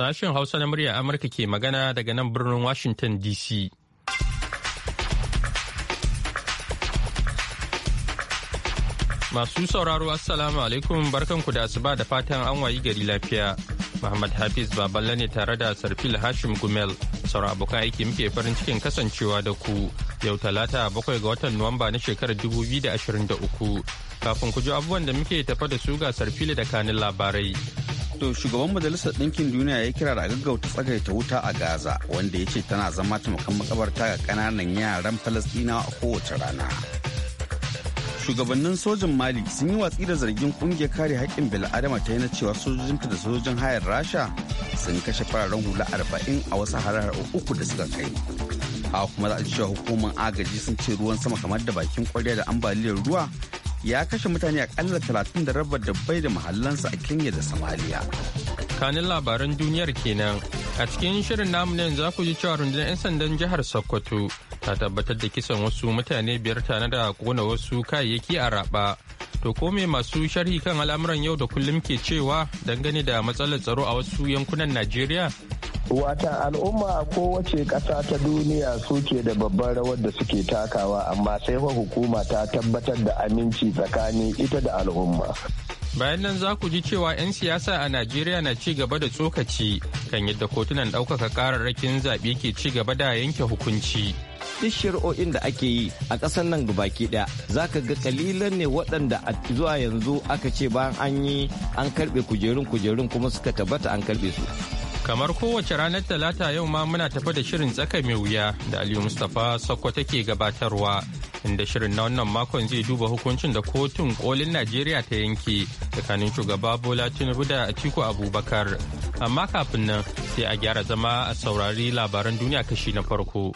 Sashen Hausa na murya Amurka ke magana daga nan birnin Washington DC. Masu sauraro Assalamu alaikum barkanku da asuba da fatan an wayi gari lafiya. Muhammad Hafiz Baballe ne tare da Sarfil Hashim Gumel. Sauran abokan aiki muke farin cikin kasancewa da ku yau talata bakwai ga watan Nuwamba na shekarar 2023. Kafin ku ji abubuwan da muke tafa da su ga Sarfil da kanin labarai. to shugaban majalisar ɗinkin duniya ya kira da gaggauta tsagaita wuta a gaza wanda ya ce tana zama taimakon makabarta ga ƙananan yaran falastina a kowace rana shugabannin sojin mali sun yi watsi da zargin kungiyar kare haƙƙin bil'adama ta yi na cewa sojojinta da sojojin hayar rasha sun kashe fararen hula arba'in a wasu harar uku da suka kai a kuma za a ji cewa hukumar agaji sun ce ruwan sama kamar da bakin kwarya da ambaliyar ruwa ya kashe mutane a akalla talatin da rabar dabbai da mahallansa a kenya da somalia kanin labaran duniyar kenan a cikin shirin namu ne za ku ji cewa rundunar 'yan sandan jihar sokoto ta tabbatar da kisan wasu mutane biyar tana da kona wasu kayayyaki a raba to ko me masu sharhi kan al'amuran yau da kullum ke cewa dangane da matsalar tsaro a wasu yankunan najeriya wata al'umma a kowace ƙasa ta duniya suke da babban rawar da suke takawa amma sai fa hukuma ta tabbatar da aminci tsakanin ita da al'umma bayan nan za ku ji cewa 'yan siyasa a najeriya na ci gaba da tsokaci kan yadda kotunan ɗaukaka kararrakin zaɓe ke ci gaba da yanke hukunci duk shari'o'in da ake yi a ƙasar nan baki ɗaya za ka ga kalilan ne waɗanda a zuwa yanzu aka ce bayan an yi an karɓe kujerun kujerun kuma suka tabbata an karɓe su Kamar kowace ranar Talata yau ma muna tafi da shirin tsaka mai wuya da Aliyu Mustapha sakwa take gabatarwa inda shirin na wannan makon zai duba hukuncin da kotun kolin Najeriya ta yanke tsakanin shugaba Bola Tinubu da Atiku Abubakar. Amma kafin nan sai a gyara zama a saurari labaran duniya kashi na farko.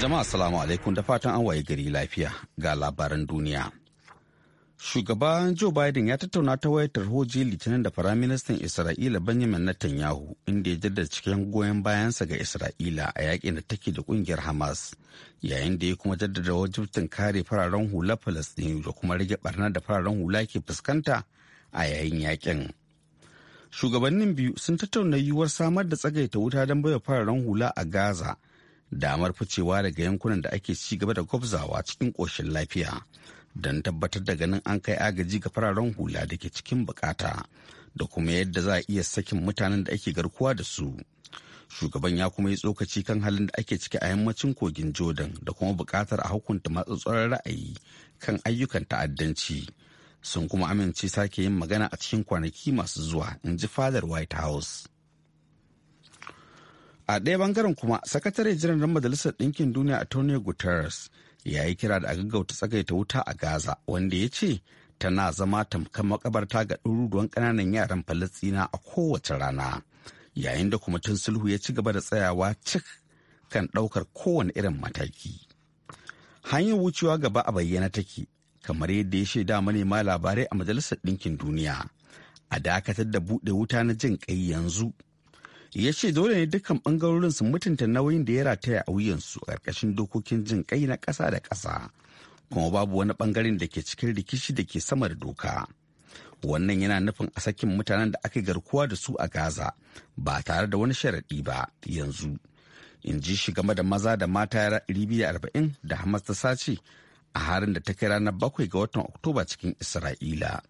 Jama'a salamu alaikum da fatan an waye gari lafiya ga labaran duniya. Shugaban Joe Biden ya tattauna ta wayar tarhoji Litinin da Firaministan Isra'ila Benjamin Netanyahu inda ya jaddada cikin goyon bayansa ga Isra'ila a yakin da take da kungiyar Hamas, yayin da ya kuma jaddada wajibtin kare fararen hula Falastinu da kuma rage barnar da fararen hula ke fuskanta a yayin yakin. Shugabannin biyu sun tattauna yiwuwar samar da tsagaita wuta don baiwa fararen hula a Gaza damar ficewa daga yankunan da ake ci gaba da gwabzawa cikin koshin lafiya. don tabbatar da ganin an kai agaji ga fararen hula da ke cikin bukata da kuma yadda za a iya sakin mutanen da ake garkuwa da su shugaban ya kuma yi tsokaci kan halin da ake ciki a yammacin kogin jordan da kuma bukatar a hukunta matsatsuwar ra'ayi kan ayyukan ta'addanci sun kuma amince sake yin magana a cikin kwanaki masu zuwa in ji fadar white house a ɗaya bangaren kuma sakatare jiran majalisar ɗinkin duniya a tony guterres ya yi kira da a gaggauta tsagaita wuta a gaza wanda ya ce tana zama tamkar makabarta ga ɗuruduwan ƙananan yaran falastina a kowace rana yayin da kwamitin sulhu ya ci gaba da tsayawa cik kan ɗaukar kowane irin mataki hanyar wucewa gaba a bayyana take kamar yadda ya shaida manema labarai a majalisar ɗinkin duniya a dakatar da buɗe wuta na jin ƙai yanzu ya ce dole ne dukkan bangarorin su mutunta nauyin da ya rataya a wuyansu a ƙarƙashin dokokin jin kai na ƙasa da ƙasa kuma babu wani bangaren da ke cikin rikici da ke sama da doka wannan yana nufin a sakin mutanen da aka garkuwa da su a gaza ba tare da wani sharaɗi ba yanzu in ji shi game da maza da mata yara arba'in da hamas ta sace a harin da ta kai ranar bakwai ga watan oktoba cikin isra'ila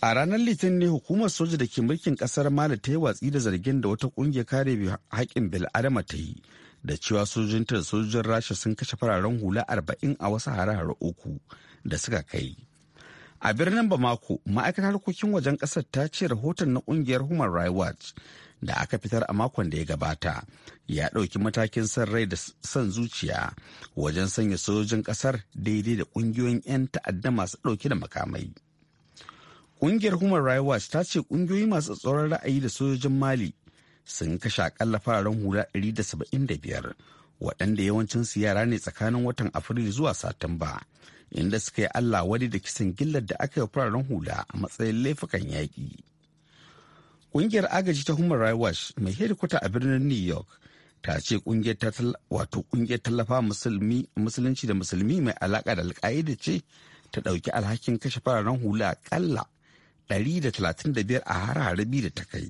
a ranar litinin ne hukumar soja da ke mulkin kasar mali ta yi watsi da zargin da wata kungiyar kare haƙƙin bil'adama ta yi da cewa sojojinta da sojojin rasha sun kashe fararen hula arba'in a wasu hare-hare uku da suka kai a birnin bamako ma'aikatar harkokin wajen ƙasar ta ce rahoton na kungiyar human rights watch da aka fitar a makon da ya gabata ya ɗauki matakin son rai da son zuciya wajen sanya sojojin ƙasar daidai da ƙungiyoyin 'yan ta'adda masu ɗauke da makamai Ƙungiyar Human Rights Watch ta ce ƙungiyoyi masu tsoron ra'ayi da sojojin Mali sun kashe akalla fararen hula 175 waɗanda yawancin yawancinsu yara ne tsakanin watan Afrilu zuwa Satumba inda suka yi Allah wani da kisan gillar da aka yi fararen hula a matsayin laifukan yaƙi. Ƙungiyar agaji ta Human Rights Watch mai hedikwata a birnin New York ta ce ƙungiyar tallafa musulunci da musulmi mai alaƙa da alƙa'ida ce ta ɗauki alhakin kashe fararen hula ƙalla. 135 a har da ta kai.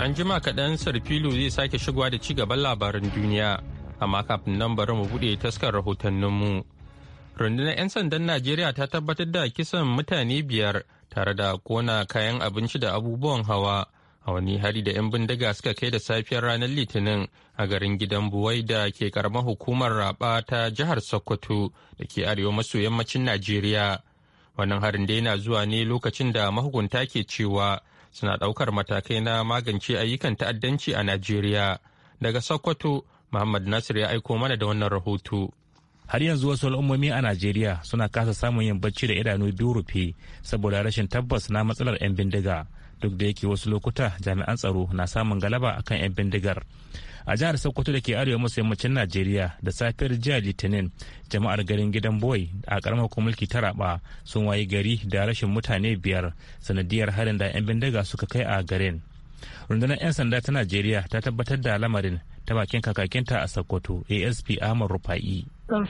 An jima kaɗan Sarfilo zai sake shigowa da ci gaban labaran duniya, amma kafin nan bari mu buɗe taskar rahotanninmu. Rundunar 'yan sandan Najeriya ta tabbatar da kisan mutane biyar tare da kona kayan abinci da abubuwan hawa a wani hari da 'yan bindiga suka kai da safiyar ranar litinin a garin gidan buwai da ke karamar hukumar raba ta jihar sokoto da ke arewa maso yammacin najeriya wannan harin da yana zuwa ne lokacin da mahukunta ke cewa suna ɗaukar matakai na magance ayyukan ta'addanci a najeriya daga sokoto muhammad nasir ya aiko mana da wannan rahoto har yanzu wasu al'ummomi a najeriya suna kasa samun yin bacci da idanu biyu rufe saboda rashin tabbas na matsalar 'yan bindiga duk da yake wasu lokuta jami'an tsaro na samun galaba akan 'yan bindigar a jihar sokoto da ke arewa maso yammacin najeriya da safiyar jiya litinin jama'ar garin gidan boy a karamar mulki ta raba sun wayi gari da rashin mutane biyar sanadiyar harin da 'yan bindiga suka kai a garin rundunar 'yan sanda ta najeriya ta tabbatar da lamarin ta bakin kakakinta a sokoto asp ahmad rufa'i kan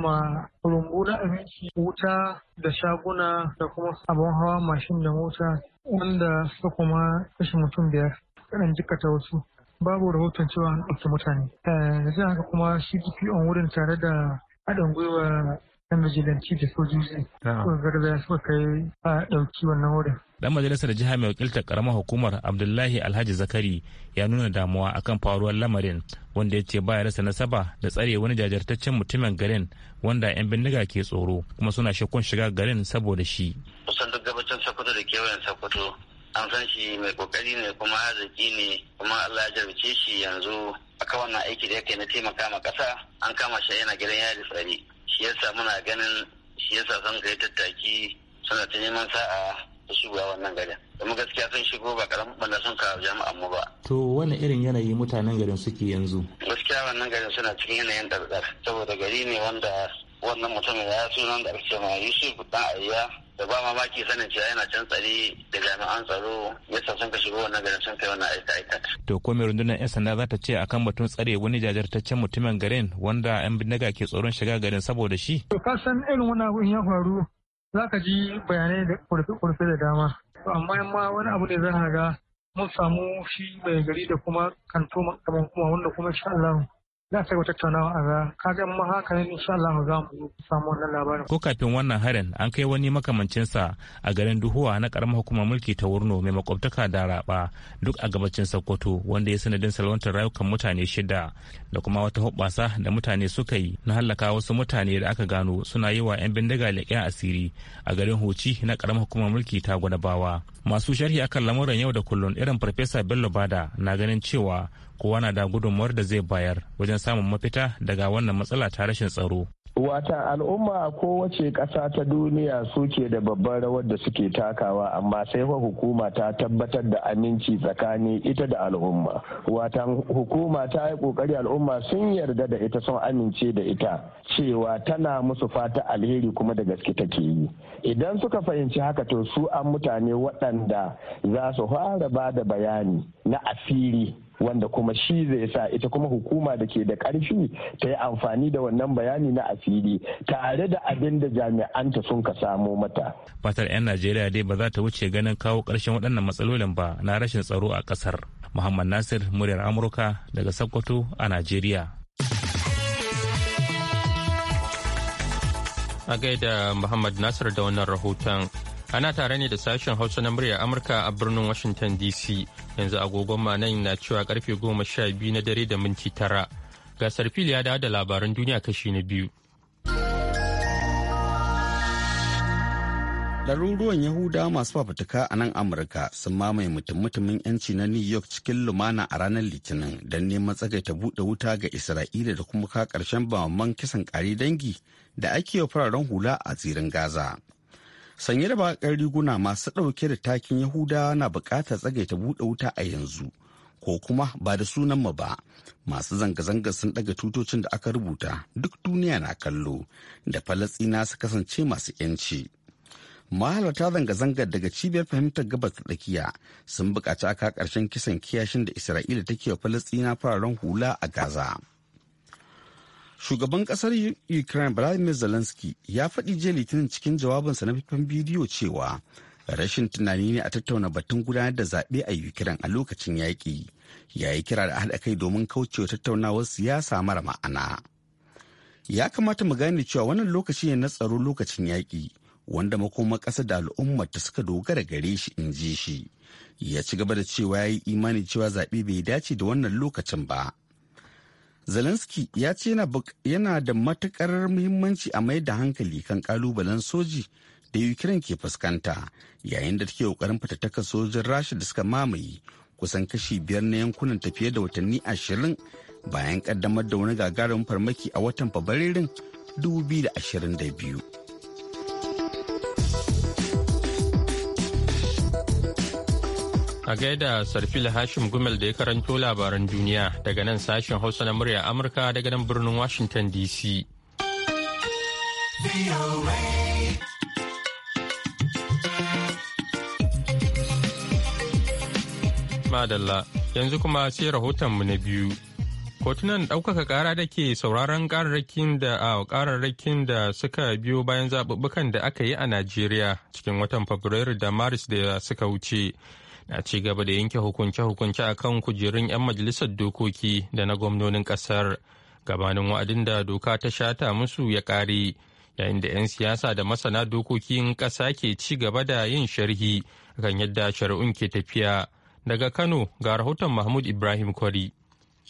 ma rumbu da abinci wuta da shaguna da kuma abin hawa mashin da mota wanda suka kuma kashe mutum biyar kaɗan jikata wasu babu rahoton cewa an ɗauki mutane da eh, haka kuma shi on wurin tare da haɗin gwiwa na majalanci da sojoji suka garza suka kai a ɗauki wannan wurin dan majalisar jiha mai wakiltar karamar hukumar abdullahi alhaji zakari ya nuna damuwa akan faruwar lamarin wanda ya ce baya rasa nasaba da tsare wani jajirtaccen mutumin garin wanda 'yan bindiga ke tsoro kuma suna shakkun shiga garin saboda shi kusan duk sokoto da kewayen sokoto an san shi mai kokari ne kuma arziki ne kuma allah ya jarbice shi yanzu aka wannan aiki da yake na taimaka ma kasa an kama shi yana gidan yari tsari shi yasa muna ganin shi yasa son kai tattaki suna ta neman sa'a ta shigowa wannan garin kuma gaskiya sun shigo ba karamin banda sun kawo jama'an mu ba. to wani irin yanayi mutanen garin suke yanzu. gaskiya wannan garin suna cikin yanayin dardar. saboda gari ne wanda wannan mutumin ya sunan da ake ma yusuf dan ayya da ba mamaki sanin cewa yana can tsare da jami'an tsaro yasa sun ka shigo wannan garin sun kai wannan aika to ko mai rundunar yan sanda za ta ce akan batun tsare wani jajirtaccen mutumin garin wanda yan bindiga ke tsoron shiga garin saboda shi to ka san irin wani abun ya faru za ka ji bayanai da kurfe da dama amma in ma wani abu ne za ka ga mun samu shi mai gari da kuma kanto kaman kuma wanda kuma insha Allah za wata tattaunawa a ga kaga mu haka ne insha Allah za mu samu wannan labarin ko kafin wannan harin an kai wani makamancin sa a garin Duhuwa na karamar hukumar mulki ta Wurno mai makwabtaka da Raba duk a gabacin Sokoto wanda ya sanadin salwantar rayukan mutane shida da kuma wata hubbasa da mutane suka yi na hallaka wasu mutane da aka gano suna yi wa 'yan bindiga leƙen asiri a garin huci na karamar hukumar mulki ta Gwadabawa masu sharhi akan lamuran yau da kullun irin Farfesa Bello Bada na ganin cewa kowa na da gudunmuwar da zai bayar wajen samun mafita daga wannan matsala ta rashin tsaro Wata al'umma a kowace ƙasa ta duniya suke da babban rawar da suke takawa amma sai fa hukuma ta tabbatar da aminci tsakani ita da al'umma. Wata hukuma ta yi ƙoƙari al'umma sun yarda da ita sun amince da ita cewa tana musu fata alheri kuma da gaske take yi. Idan suka fahimci haka to su an mutane waɗanda za su fara ba da bayani na asiri wanda kuma shi zai sa ita kuma hukuma da ke da karfi ta yi amfani da wannan bayani na asiri tare da abin da jami'anta sun ka samo mata. Fatar 'yan Najeriya dai ba za ta wuce ganin kawo ƙarshen waɗannan matsalolin ba na rashin tsaro a ƙasar. Muhammad Nasir muryar Amurka daga Sokoto a Najeriya. A gaida Muhammad Nasir da wannan rahoton Ana tare ne da sashen Hausa na murya Amurka a birnin Washington DC. Yanzu agogon nan na cewa karfe goma sha biyu na dare da minti tara. Gasar fili ya dawo da labaran duniya kashi na biyu. Ɗaruruwan Yahuda masu fafutuka a nan Amurka sun mamaye mutum-mutumin 'yanci na New York cikin lumana a ranar Litinin don neman tsagaita buɗe wuta ga Isra'ila da kuma ka ƙarshen bamaman kisan ƙari dangi da ake wa fararen hula a tsirin Gaza. sanye da bakar riguna masu ɗauke da takin yahuda na buƙatar tsagaita buɗe wuta a yanzu ko kuma ba da sunan mu ba masu zanga-zanga sun ɗaga tutocin da aka rubuta duk duniya na kallo da falastina su kasance masu 'yanci mahalarta zanga-zangar daga cibiyar fahimtar gabas ta tsakiya sun buƙaci aka ƙarshen kisan kiyashin da isra'ila take wa falastina fararen hula a gaza shugaban kasar ukraine vladimir zelensky ya faɗi jiya litinin cikin jawabinsa na faifan bidiyo cewa rashin tunani ne a tattauna batun gudanar da zaɓe a ukraine a lokacin yaƙi ya yi kira da haɗa kai domin kaucewa tattaunawar siyasa mara ma'ana ya kamata mu gane cewa wannan lokaci ne na tsaro lokacin yaƙi wanda makoma ƙasa da al'ummar ta suka dogara gare shi in ji shi ya ci gaba da cewa ya yi imani cewa zaɓe bai dace da wannan lokacin ba Zelensky ya ce yana da matukar muhimmanci a mai da hankali kan ƙalubalen soji da Ukraine ke fuskanta yayin da take kokarin fitattaka sojin Rasha da suka mamaye kusan kashi biyar na yankunan tafiye da watanni ashirin bayan ƙaddamar da wani gagarumin farmaki a watan Fabrairun 2022. A gaida Sarfil Hashim Gumel da ya karanto labaran duniya daga nan sashen Hausa na murya Amurka daga nan birnin Washington DC. Madalla, yanzu kuma sai rahoton mu na biyu. kotunan ɗaukaka ƙara da ke sauraron ƙararrakin da a ƙararrakin da suka biyo bayan zaɓuɓɓukan da aka yi a najeriya cikin watan fabrairu da maris da suka wuce na ci gaba da yanke hukunce-hukunce a kan kujerun 'yan majalisar dokoki da na gwamnonin kasar gabanin wa'adin da doka ta shata musu ya ƙare yayin da 'yan siyasa da masana dokokin ƙasa ke ci gaba da yin sharhi kan yadda shari'un ke tafiya daga kano ga rahoton mahmud ibrahim kwari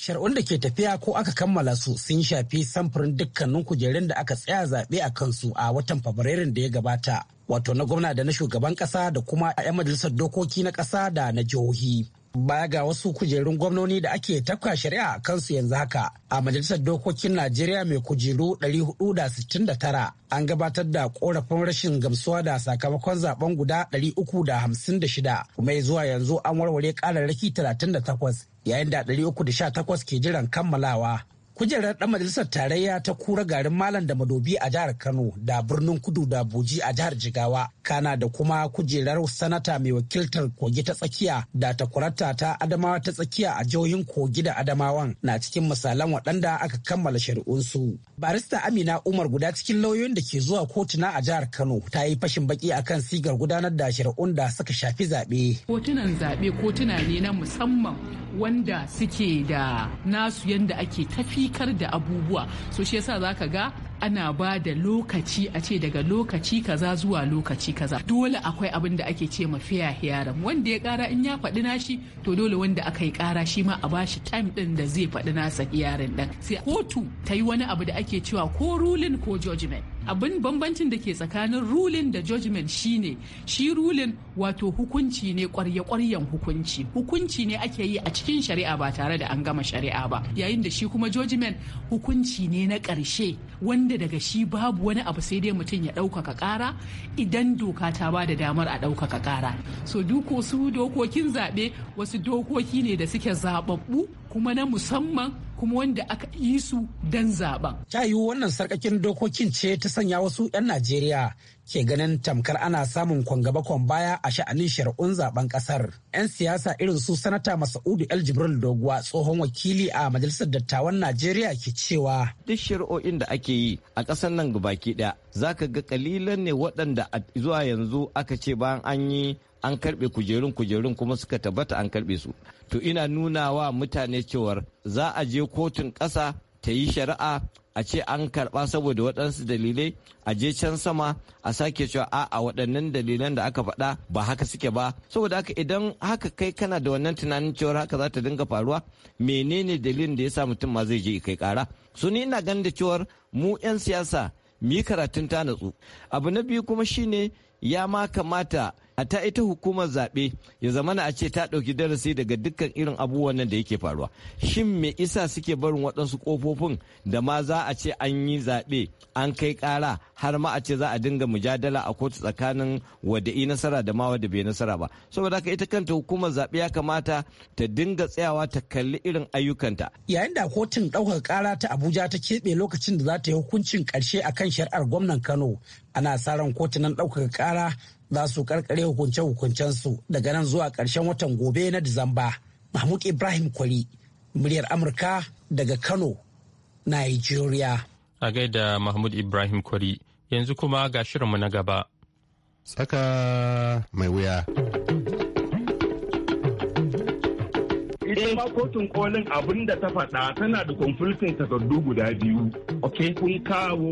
shari'un da ke tafiya ko aka kammala su sun shafi samfurin dukkanin kujerun da aka tsaya zaɓe a kansu a watan fabrairun da ya gabata wato na gwamna da na shugaban ƙasa da kuma 'yan majalisar dokoki na ƙasa da na jihohi Baya ga wasu kujerun gwamnoni da ake tafka shari'a a kansu yanzu haka a Majalisar Dokokin Najeriya mai kujeru 469 an gabatar da korafin rashin gamsuwa da sakamakon zaben guda 356 kuma zuwa yanzu an warware kararraki 38 yayin da 318 ke jiran kammalawa kujerar ɗan majalisar tarayya ta kura garin malam da madobi a jihar kano da birnin kudu da buji a jihar jigawa kana da kuma kujerar sanata mai wakiltar kogi ta tsakiya da takwarata ta adamawa ta tsakiya a jihohin kogi da adamawan na cikin misalan waɗanda aka kammala shari'unsu barista amina umar guda cikin lauyoyin da ke zuwa kotuna a jihar kano ta yi fashin baki akan sigar gudanar da shari'un da suka shafi zaɓe kotunan zaɓe kotuna ne na musamman wanda suke da nasu yadda ake tafi kar da abubuwa so shi yasa zaka ga ana ba da lokaci a ce daga lokaci kaza zuwa lokaci kaza dole akwai abin da ake ce ma fiya hearing wanda ya kara in ya faɗi nashi to dole wanda aka yi kara shi ma a bashi time din da zai faɗi nasa yaran dan. sai kotu ta yi wani abu da ake cewa ko ruling ko judgment abin bambancin da ke tsakanin rulin da judgment shine shi rulin wato hukunci ne kwarya-kwaryan hukunci hukunci ne ake yi a cikin shari'a ba tare da an gama shari'a ba yayin da shi kuma judgment hukunci ne na ƙarshe wanda wanda daga shi babu wani abu sai dai mutum ya ɗaukaka ƙara idan doka ta ba da damar a ɗaukaka ƙara so duko su dokokin zaɓe wasu dokoki ne da suke zaɓaɓɓu kuma na musamman kuma wanda aka yi su don zaben. Ta yiwu wannan sarkakin dokokin ce ta sanya wasu 'yan Najeriya ke ganin tamkar ana samun kwangaba kwan baya a sha'anin shari'un zaben kasar. 'Yan siyasa irin su sanata Masa'udu El Jibril Doguwa tsohon wakili a Majalisar Dattawan Najeriya ke cewa. Duk shari'o'in da ake yi a ƙasar nan gabaki ɗaya za ka ga kalilan ne waɗanda zuwa yanzu aka ce bayan an yi an karɓe kujerun kujerun kuma suka tabbata an karɓe su to ina nuna wa mutane cewar za a je kotun ƙasa ta yi shari'a a ce an karɓa saboda waɗansu dalilai a je can sama a sake cewa a a waɗannan dalilan da aka faɗa ba haka suke ba saboda haka idan haka kai kana da wannan tunanin cewar haka za ta dinga faruwa menene dalilin da ya sa mutum ma zai je kai kara su ni ina ganin da cewar mu 'yan siyasa mu yi karatun ta natsu abu na biyu kuma shine ya ma kamata hatta ita hukumar zaɓe ya zama a ce ta ɗauki darasi daga dukkan irin abubuwan nan da yake faruwa shin me isa suke barin waɗansu ƙofofin da ma za a ce an yi zaɓe an kai ƙara har ma a ce za a dinga mujadala a kotu tsakanin wadda yi nasara da ma wadda bai nasara ba saboda haka ita kanta hukumar zaɓe ya kamata ta dinga tsayawa ta kalli irin ayyukanta yayin da kotun ɗaukar ƙara ta abuja ta keɓe lokacin da za ta yi hukuncin ƙarshe akan shari'ar gwamnan kano ana sa ran kotunan ɗaukaka ƙara za su karkare hukunce hukuncen su daga nan zuwa ƙarshen watan gobe na Disamba. Mahmud Ibrahim Kwari, muryar Amurka daga Kano, Nigeria. A gaida Mahmud Ibrahim Kwari, yanzu kuma ga shirinmu na gaba. Tsaka mai wuya. ma kotun kolin abin da ta faɗa tana da conflicting takardu guda biyu. Ok, kun kawo,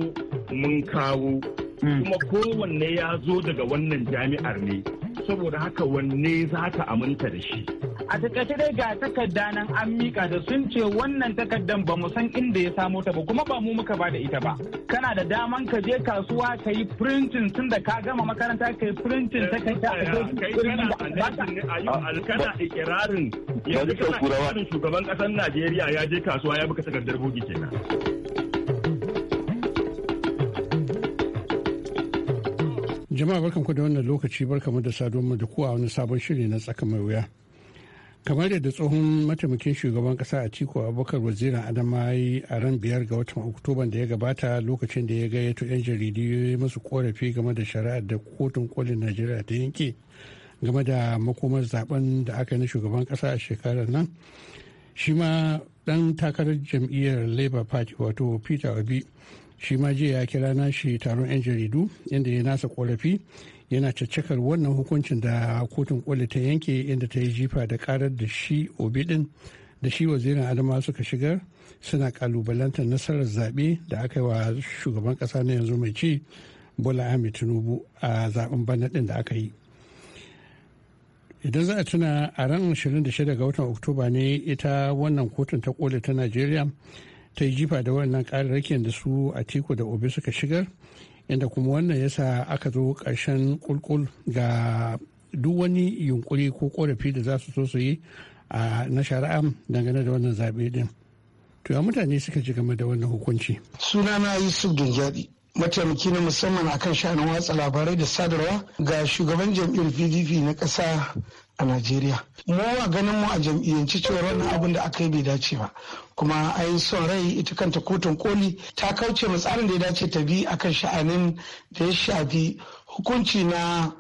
mun kawo, Mm. kuma kowanne ya zo daga wannan jami'ar ne saboda haka wanne za ka aminta da shi a takaice dai ga takarda nan an mika da sun ce wannan takardan ba mu san inda ya samo ta ba kuma ba mu muka ba da ita ba kana da daman ka je kasuwa ka yi printin tun da ka gama makaranta ka yi printin eh, takarda eh, a kai kana ah, ikirarin yanzu kana shugaban kasar Najeriya ya je kasuwa ya buga takardar bugi kenan jama'a barkanku da wannan lokaci barkanmu da saduwar mu da kuwa wani sabon shiri na tsaka mai wuya kamar yadda tsohon mataimakin shugaban kasa a ciko abubakar wazirin adama yi a ran biyar ga watan oktoban da ya gabata lokacin da ya gayyato 'yan jaridu ya yi musu korafi game da shari'ar da kotun kolin najeriya ta yanke game da makomar zaben da aka yi na shugaban kasa a shekarar nan shi ma dan takarar jam'iyyar labour party wato peter obi shi ma jiya ya kira shi taron 'yan jaridu inda ya nasa korafi yana caccakar wannan hukuncin da kotun koli ta yanke inda ta yi jifa da karar da shi obi din da shi wazirin adama suka shigar suna kalubalantar nasarar zaɓe da aka yi wa shugaban ƙasa na yanzu mai ci bola ahmed tinubu a zaben bana ɗin da aka yi idan za a tuna a ran 26 ga watan oktoba ne ita wannan kotun ta koli ta najeriya ta yi jifa da wannan ƙararrakin da su a tiku da obi suka shigar inda kuma wannan yasa aka zo ƙarshen kulkul ga duk wani yunkuri ko ƙorafi da za su so su yi na shari'a dangane da wannan zaɓe din to ya mutane suka ji game da wannan hukunci sunana yusuf dingyadi mataimaki na musamman akan sha'anin watsa labarai da sadarwa ga shugaban jam'iyyar pdp na ƙasa a najeriya mu a ganin mu a jam'iyyanci cewa wannan abin da aka yi bai dace ba kuma ai son rai ita kanta kotun koli ta kauce tsarin da ya dace ta bi akan sha'anin da ya shafi hukunci na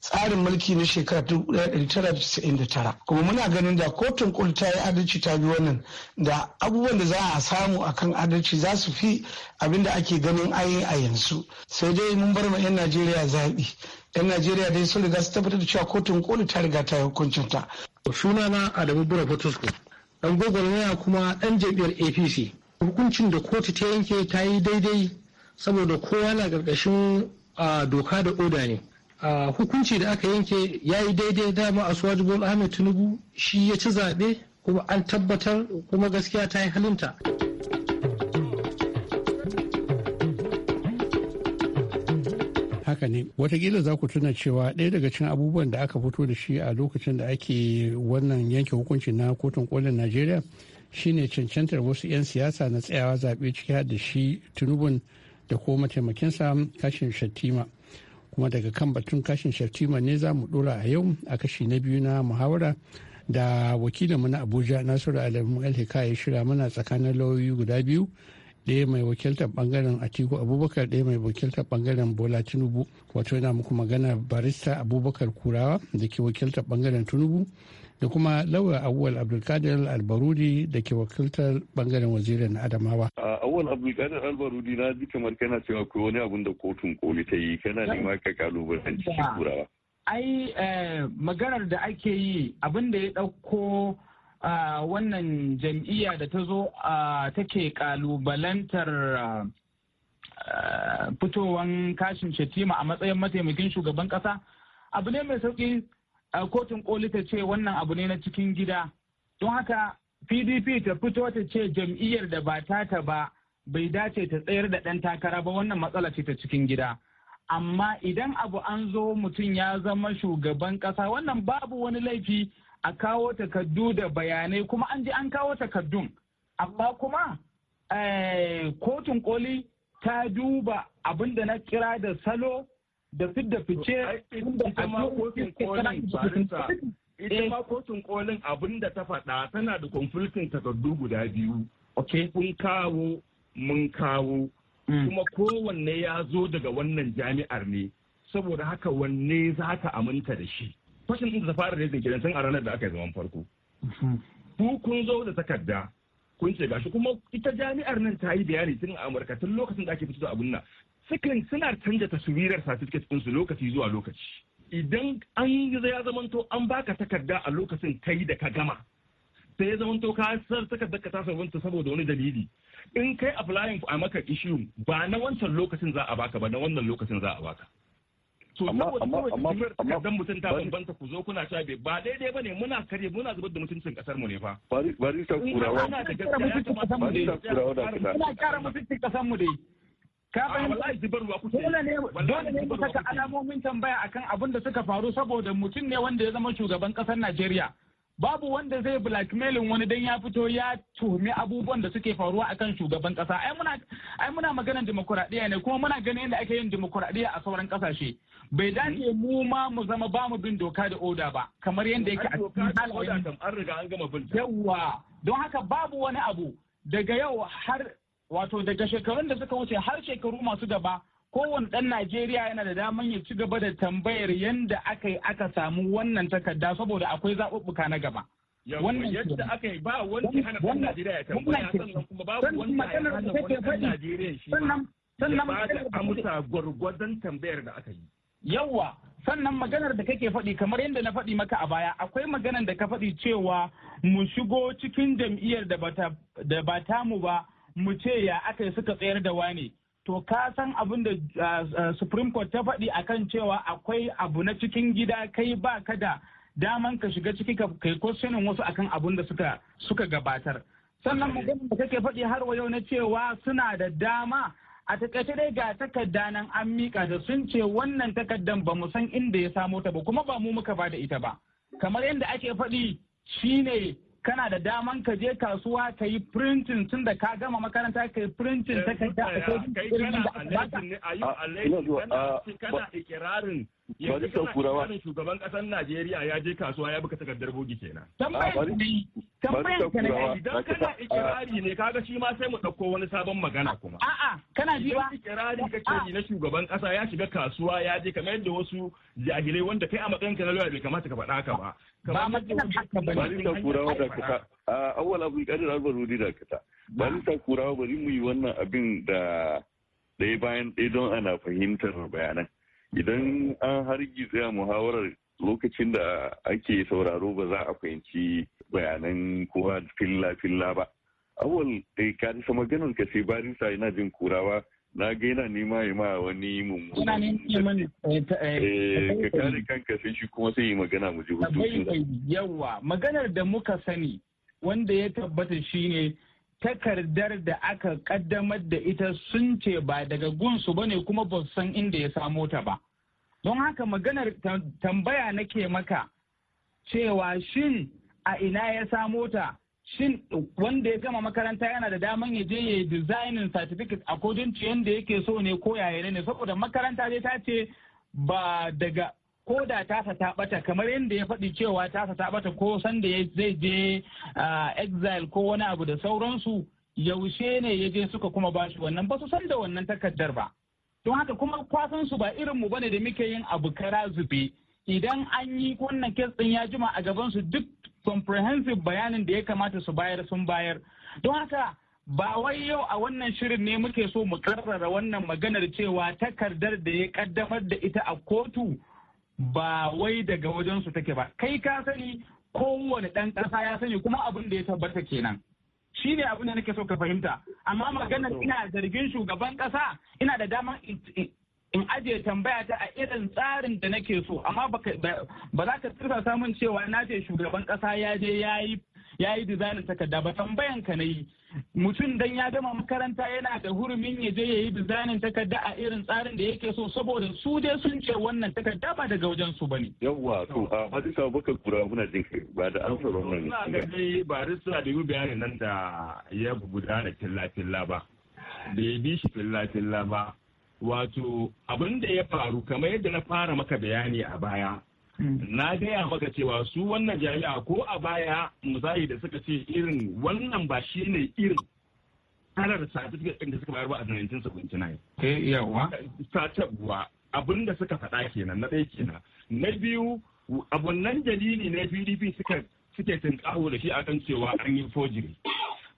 tsarin mulki na shekara 1999 kuma muna ganin da kotun kul ta yi adalci ta bi wannan da abubuwan da za a samu akan adalci za su fi abinda ake ganin ayi a yanzu sai dai mun bar ma 'yan najeriya zaɓi 'yan najeriya dai sun riga su tabbatar da cewa kotun kul ta riga ta yi hukuncinta. sunana adamu bura fotosko dan gwagwarmaya kuma dan jam'iyyar apc hukuncin da kotu ta yanke ta yi daidai saboda kowa na ƙarƙashin ah, doka da oda ne a hukunci da aka yanke ya yi daidai dama a suwajibol ahmed tinubu shi ya ci zaɓe kuma an tabbatar kuma gaskiya ta yi halinta. haka ne watakila za ku tuna cewa ɗaya daga cikin abubuwan da aka fito da shi a lokacin da ake wannan yanke hukunci na kotun kolin najeriya shine cancantar wasu 'yan siyasa na tsayawa zaɓe ciki da shi tunubun da ko mataimakinsa kashin shattima kuma daga kan batun kashin shartima ne za mu dora a yau a kashi na biyu na muhawara da wakilinmu na abuja nasiru alamu alhika ya shira mana tsakanin lauyoyi guda biyu ɗaya mai wakiltar bangaren atiku abubakar ɗaya mai wakiltar bangaren bola tinubu wato yana muku magana barista abubakar kurawa da ke wakiltar bangaren tinubu da kuma lauya awwal abdulkadir albarudi da ke wakiltar bangaren wazirin adamawa. awwal abdulkadir albarudi na ji kamar kana cewa ko wani abun da kotun koli ta yi kana nema ka kalubalanci kurawa. ai eh, maganar da ake yi abin da ya ɗauko a wannan jam'iyya da ta zo take kalubalantar fitowan kashin shetima a matsayin mataimakin shugaban kasa abu ne mai sauki kotun koli ta ce wannan abu ne na cikin gida don haka pdp ta fito ta ce jam'iyyar da ba ta ta ba bai dace ta tsayar da ɗan takara ba wannan matsala ce ta cikin gida amma idan abu an zo mutum ya zama shugaban ƙasa wannan babu wani laifi a kawo takardu da bayanai kuma an ji an kawo takardun amma kuma eh, kotun koli ta duba abin da na kira da salo da fit da fice ita ma kotun kolin abin da ta faɗa tana da konfliktin takardu guda biyu kun kawo mun kawo mm. kuma kowanne ya zo daga wannan jami'ar ne saboda haka wanne za ka aminta da shi kwashin ɗin da fara da yake kenan a ranar da aka yi zaman farko mhm. ku kun zo da takarda kun ce gashi kuma ita jami'ar nan ta yi bayani tun a amurka tun lokacin da ake fito da abun nan sukan suna canja taswirar certificate ɗinsu lokaci zuwa lokaci idan an yi ya zamanto an baka takarda a lokacin kai da ka gama sai ya zamanto ka sar takardar ka ta sabunta saboda wani dalili in kai applying a maka issue ba na wancan lokacin za a baka ba na wannan lokacin za a baka to saboda kawai jimar takardar mutum ta bambanta ku zo kuna sha ba daidai bane muna karye muna zubar da mutuncin kasar mu ne fa bari ta kurawa bari ta kurawa da kasa muna kara mutuncin kasar mu dai ka fahimta dole ne mu saka alamomin tambaya akan abin da suka faru saboda mutum ne wanda ya zama shugaban kasar Najeriya babu wanda zai blackmail wani dan ya fito ya tuhumi abubuwan da suke faruwa akan shugaban kasa ai muna ai muna maganar demokradiya ne kuma muna ganin yadda ake yin demokradiya a sauran kasashe bai dace mu ma mu zama ba mu bin doka da oda ba kamar yadda yake a cikin an riga an gama bin yawa don haka babu wani abu daga yau har wato daga shekarun da suka wuce har shekaru masu gaba kowane ɗan Najeriya yana da daman ya ci gaba da tambayar yadda aka yi aka samu wannan takarda saboda akwai zaɓuɓɓuka na gaba. Wannan yadda aka yi ba wanda hana ɗan Najeriya ya tambaya sannan kuma babu wani ya hana ɗan Najeriya shi ma. Sannan maganar da amsa gwargwadon tambayar da aka yi. Yawwa sannan maganar da kake faɗi kamar yadda na faɗi maka a baya akwai maganar da ka faɗi cewa mu shigo cikin jam'iyyar da ba ta mu ba mu ce ya aka yi suka tsayar da wane. to ka san abin da ah, ah, supreme court ta faɗi akan cewa akwai abu na cikin gida kai ba ka da daman ka shiga ciki ka kai questioning wasu akan abin da suka gabatar sannan magana da kake faɗi har wa yau na cewa suna da dama a takaice dai ga takarda nan an mika da sun ce wannan takardan ba mu san inda ya samo ta ba kuma ba mu muka ba da ita ba kamar yadda ake faɗi shine kana da daman ka je kasuwa ka yi printing tun da ka gama makaranta ka yi printing eh, ta kai da a kai ah, kana ah, ikirarin ka shugaban kasar Najeriya ya je kasuwa ya takardar bogi kenan tambayar tambayar ka idan kana ikirari ne kaga shi ma sai mu ɗauko wani sabon magana kuma a'a kana ji ba ikirari na shugaban kasa ya shiga kasuwa ya je kamar yadda wasu jahilai wanda kai a matsayin ka na lawyer bai kamata ka faɗa haka ba ba maganar haka ba ne kan kurawa da kuka awwal abu kadir albarudi da kata ba ka kurawa bari mu yi wannan abin da ɗaya bayan ɗaya don ana fahimtar bayanan idan an hargi a muhawarar lokacin da ake sauraro ba za a fahimci bayanan kowa filla-filla ba awal dai eh, ka ta maganar ka sai sa yana jin kurawa na ga yana nema ya ma wani mummunan eh, eh, ka kare kanka shi kuma sai yi magana mu ji yawa maganar da muka sani wanda ya tabbata shine takardar da aka kaddamar da ita sun ce ba daga gunsu ba ne kuma ba san inda ya samo ta ba. Don haka maganar tambaya nake maka cewa shin a ina ya samo ta shin wanda ya gama makaranta yana da daman ya je ya yi designing certificate according to yanda yake so ne ko yaya ne saboda makaranta dai ta ce ba daga ko da tasa ta bata kamar yadda ya faɗi cewa tasa ta bata ko sanda zai je exile ko wani abu da sauransu yaushe ne ya je suka kuma ba bashi wannan ba su san da wannan takardar ba don haka kuma kwasan su ba irin mu bane da muke yin abu kara zube idan an yi wannan kes din ya jima a gaban su duk comprehensive bayanin da ya kamata su bayar sun bayar don haka ba wai yau a wannan shirin ne muke so mu karrara wannan maganar cewa takardar da ya kaddamar da ita a kotu ba wai daga wajensu take ba kai ka sani kowane ɗan ƙasa ya sani kuma abin da ya tabbata kenan shi ne abin da nake so ka fahimta amma maganar ina zargin shugaban ƙasa ina da dama in ajiye tambaya ta a irin tsarin da nake so amma ba za ka tsirsa samun cewa na ce shugaban ƙasa ya je ya yi ya yi dizainin takarda ba tambayan ka na yi mutum dan ya gama makaranta yana da hurumin ya je ya yi dizainin takarda a irin tsarin da yake so saboda su dai sun ce wannan takarda ba daga wajen su bane yawa to a sa baka kura muna jin ba da an tsaro nan ina ga dai ba su da yi bayanin nan da ya gudana filla filla ba da ya bi shi filla filla ba wato abin da ya faru kamar yadda na fara maka bayani a baya na gaya maka cewa su wannan jami'a ko a baya misali da suka ce irin wannan ba shi ne irin tarar satifiket ɗin da suka bayar ba a 1979. Eh yawa. Satabwa abin da suka faɗa kenan na ɗaya kenan. Na biyu abunnan dalili na PDP suka suke tunƙaho da shi akan cewa an yi fojiri.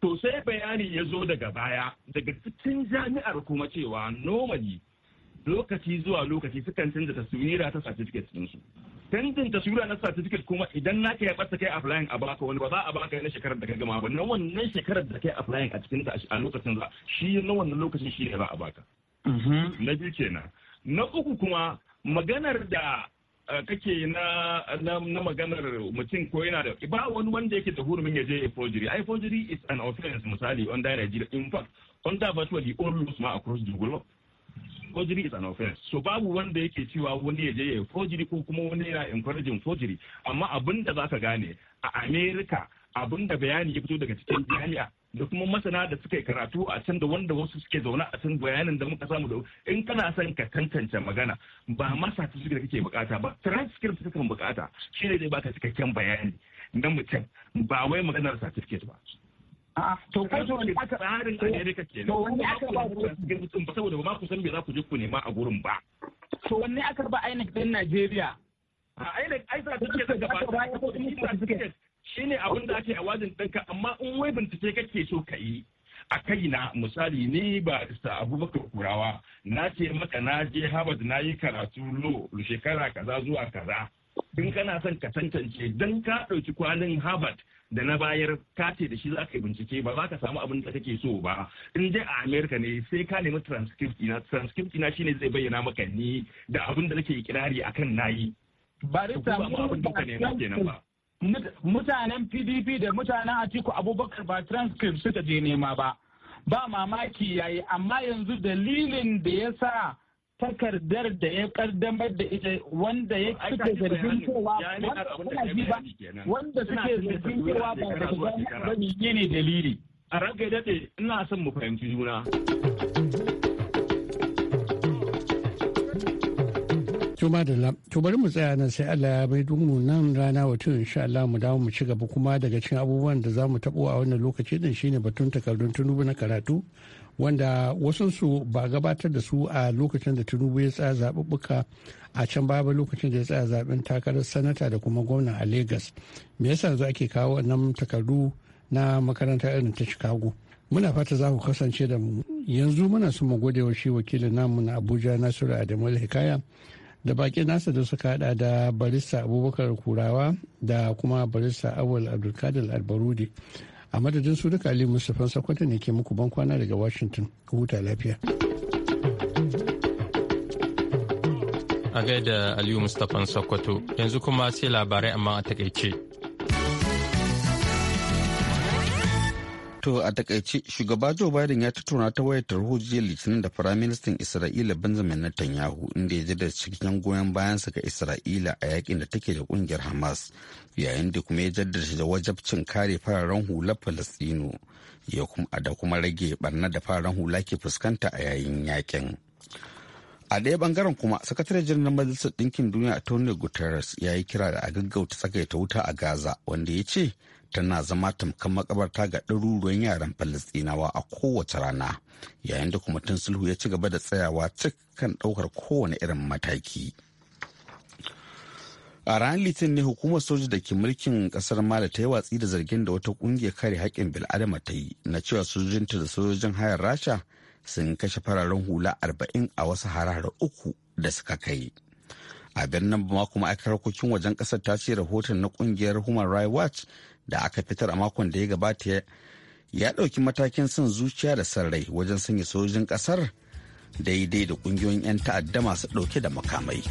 To sai bayani ya zo daga baya daga cikin jami'ar kuma cewa normally lokaci zuwa lokaci sukan canza taswira ta certificate ɗinsu. tantance shura na certificate kuma idan na ya yabar kai applying a baka wani ba za a baka na shekarar da ka gama ba na wannan shekarar da kai applying a cikin ta a lokacin za shi na wannan lokacin shi ne za a baka mm-hmm. na biyu kenan na uku kuma maganar da eh, kake na na maganar mutum ko yana da ba wani wanda yake da hurumin ya je forgery ai forgery is an offense misali on da Nigeria in fact on da virtually all laws ma across the globe forgery is an offense so babu wanda yake cewa wani ya je ya forgery ko kuma wani yana encouraging forgery amma abin da zaka gane a America abin da bayani ya fito daga cikin jami'a da kuma masana da suka yi karatu a can da wanda wasu suke zaune a can bayanin da muka samu da in kana son ka tantance magana ba masa ta da kake bukata ba transcript kakan bukata shi ne zai baka cikakken bayani na mutum ba wai maganar certificate ba To ko to wani aka tsarin Amerika ke To aka ba ba saboda ba ku san me za ku je ku nema a gurin ba. To wanne aka ba INEC din Najeriya? A INEC ai sa take da gaba shi ne abin da ake a wajen ɗinka amma in wai bincike kake so ka yi a kaina misali ni ba sa abubakar kurawa na ce maka na je harvard na yi karatu lo shekara kaza zuwa kaza in kana son ka tantance don ka ɗauki kwanin harvard da na bayar kace da shi za ka yi bincike ba za ka samu abin da kake so ba in dai a america ne sai ka nemi transcript ina transcript ina shine zai bayyana maka ni da abin da nake kirari akan nayi ba da samu abin da kenan ba mutanen pdp da mutanen atiku abubakar ba transcript suka je nema ba ba mamaki yayi amma yanzu dalilin da ya sa takardar da ya kaddamar da ita wanda ya suke zargin cewa wanda suke zargin cewa ba da ba ne ne dalili a rage dade ina son mu fahimci juna Juma da to bari mu tsaya nan sai Allah ya bai dumu nan rana wato insha Allah mu dawo mu ci gaba kuma daga cikin abubuwan da za mu tabo a wannan lokaci din shine batun takardun tunubu na karatu wanda wasansu ba gabatar da su a lokacin da tinubu ya tsaya zaɓuɓɓuka a can baya ba lokacin da ya tsaya zaɓen takarar sanata da kuma gwamna a lagos me yasa yanzu ake kawo wannan takardu na makaranta irin ta chicago muna fata za ku kasance da mu yanzu muna son mu gode wa shi wakilin namu na abuja nasiru adamu hikaya da baƙi nasa da suka hada da barista abubakar kurawa da kuma barista awal abdulkadir albarudi a madadin su duka ali mustapha sakwata ne ke muku ban kwana daga washington ku huta lafiya a gaida aliyu mustapha sokoto yanzu kuma sai labarai amma a takaice To a takaice shugaba Joe Biden ya tattauna ta wayar tarho Litinin da Firaministan Isra'ila Benjamin Netanyahu inda ya ji da cikakken goyon bayansa ga Isra'ila a yakin da take da kungiyar Hamas yayin da kuma ya jaddada da wajabcin kare fararen hula Falastinu ya kuma da kuma rage barna da fararen hula ke fuskanta a yayin yakin. a ɗaya bangaren kuma sakataren janar majalisar ɗinkin duniya tony guterres ya yi kira da a gaggauta tsagaita wuta a gaza wanda ya ce tana zama tamkar makabarta ga ɗaruruwan yaran falastinawa a kowace rana yayin da kuma tun sulhu ya ci gaba da tsayawa cik kan ɗaukar kowane irin mataki a ranar litinin ne hukumar soja da ke mulkin kasar mali ta yi watsi da zargin da wata kungiyar kare haƙƙin bil'adama ta yi na cewa sojojinta da sojojin hayar rasha sun kashe fararen hula arba'in a wasu harare uku da suka kai a birnin bama kuma aikar harkokin wajen kasar ta ce rahoton na kungiyar human rights watch da aka fitar a makon da ya gabata ya ɗauki matakin son zuciya da son rai wajen sanya sojojin ƙasar daidai da ƙungiyoyin 'yan ta'adda masu ɗauke da makamai.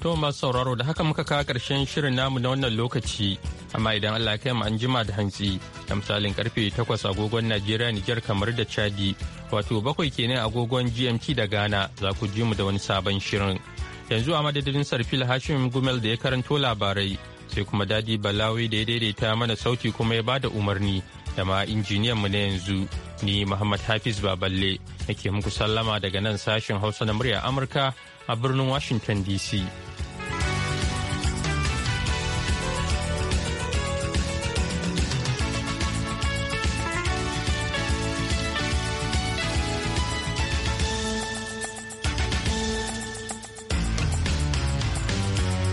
To masu sauraro da haka muka kawo ƙarshen shirin namu na wannan lokaci amma idan Allah kai mu an jima da hantsi da misalin karfe 8 agogon Najeriya niger kamar da Chadi wato bakwai kenan agogon GMT da Ghana za ku ji mu da wani sabon shirin. Yanzu a madadin Sarfil Hashim Gumel da ya karanto labarai sai kuma dadi balawi da ya daidaita mana sauti kuma ya ba da umarni da ma injiniyan mu na yanzu ni Muhammad Hafiz Baballe nake muku sallama daga nan sashen Hausa na murya Amurka a birnin Washington DC.